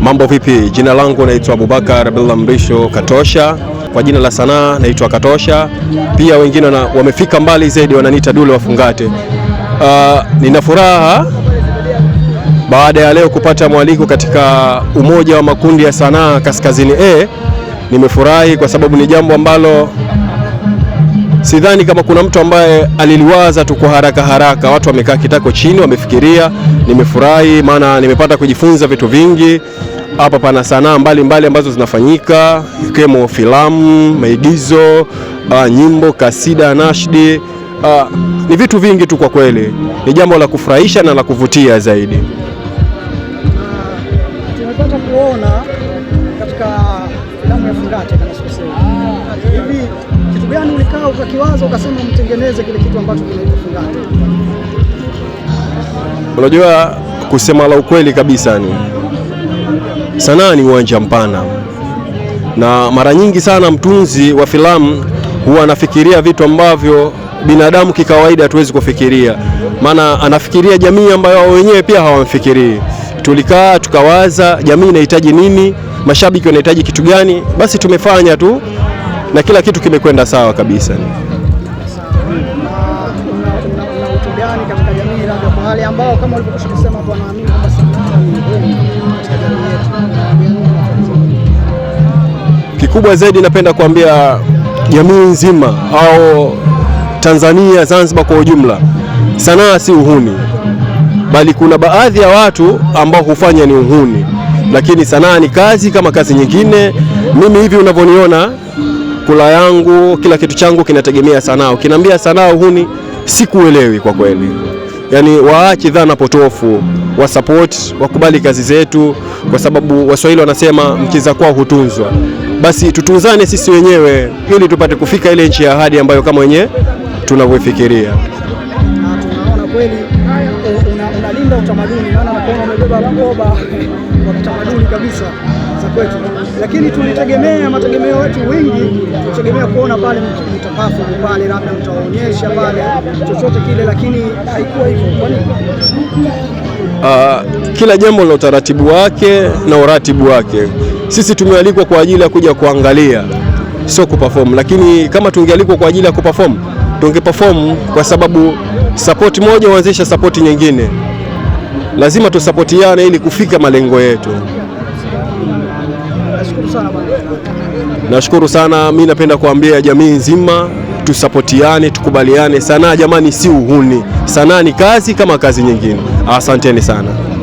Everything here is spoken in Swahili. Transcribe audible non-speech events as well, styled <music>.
Mambo vipi? Jina langu naitwa Abubakar Abdullah Mrisho Katosha, kwa jina la sanaa naitwa Katosha, pia wengine wamefika mbali zaidi wananiita Dule Wafungate. Uh, ah, nina furaha baada ya leo kupata mwaliko katika Umoja wa Makundi ya Sanaa Kaskazini A. Nimefurahi kwa sababu ni jambo ambalo sidhani kama kuna mtu ambaye aliliwaza tu kwa haraka haraka. Watu wamekaa kitako chini, wamefikiria. Nimefurahi maana nimepata kujifunza vitu vingi hapa. Pana sanaa mbalimbali ambazo zinafanyika ikiwemo filamu, maigizo, uh, nyimbo, kasida, nashdi Uh, ni vitu vingi tu kwa kweli, ni jambo la kufurahisha na la kuvutia zaidi. tumepata kuona katika filamu ya Fungate kama ah, hivi, gani ulikaa ukakiwaza ukasema mtengeneze kile kitu ambacho kinaitwa Unajua, kusema la ukweli kabisa, ni sanaa ni uwanja mpana, na mara nyingi sana mtunzi wa filamu huwa anafikiria vitu ambavyo binadamu kikawaida hatuwezi kufikiria, maana anafikiria jamii ambayo wao wenyewe pia hawamfikirii. Tulikaa tukawaza jamii inahitaji nini, mashabiki wanahitaji kitu gani, basi tumefanya tu na kila kitu kimekwenda sawa kabisa. Kikubwa zaidi napenda kuambia jamii nzima au Tanzania, Zanzibar kwa ujumla, sanaa si uhuni, bali kuna baadhi ya watu ambao hufanya ni uhuni, lakini sanaa ni kazi kama kazi nyingine. Mimi hivi unavyoniona kula yangu, kila kitu changu kinategemea sanaa. Ukiniambia sanaa huni, sikuelewi kwa kweli. Yani waache dhana potofu, support, wakubali kazi zetu, kwa sababu Waswahili wanasema mcheza kwao hutunzwa. Basi tutunzane sisi wenyewe ili tupate kufika ile nchi ya ahadi ambayo kama wenyewe tunavyofikiria kweli eh, unalinda una utamaduni, maana nakuona umebeba mkoba <laughs> wa kitamaduni kabisa za kwetu, lakini tulitegemea mategemeo wetu wengi, tutegemea kuona pale mtakafu pale, labda mtaonyesha pale chochote kile, lakini haikuwa hivyo. Kwani uh, ah, kila jambo lina utaratibu wake na uratibu wake. Sisi tumealikwa kwa ajili ya kuja kuangalia, sio kuperform, lakini kama tungealikwa kwa ajili ya kuperform tungeperform, kwa sababu sapoti moja huanzisha sapoti nyingine. Lazima tusapotiane ili kufika malengo yetu. Nashukuru sana, mi napenda kuambia jamii nzima tusapotiane, tukubaliane. Sanaa jamani si uhuni, sanaa ni kazi kama kazi nyingine. Asanteni sana.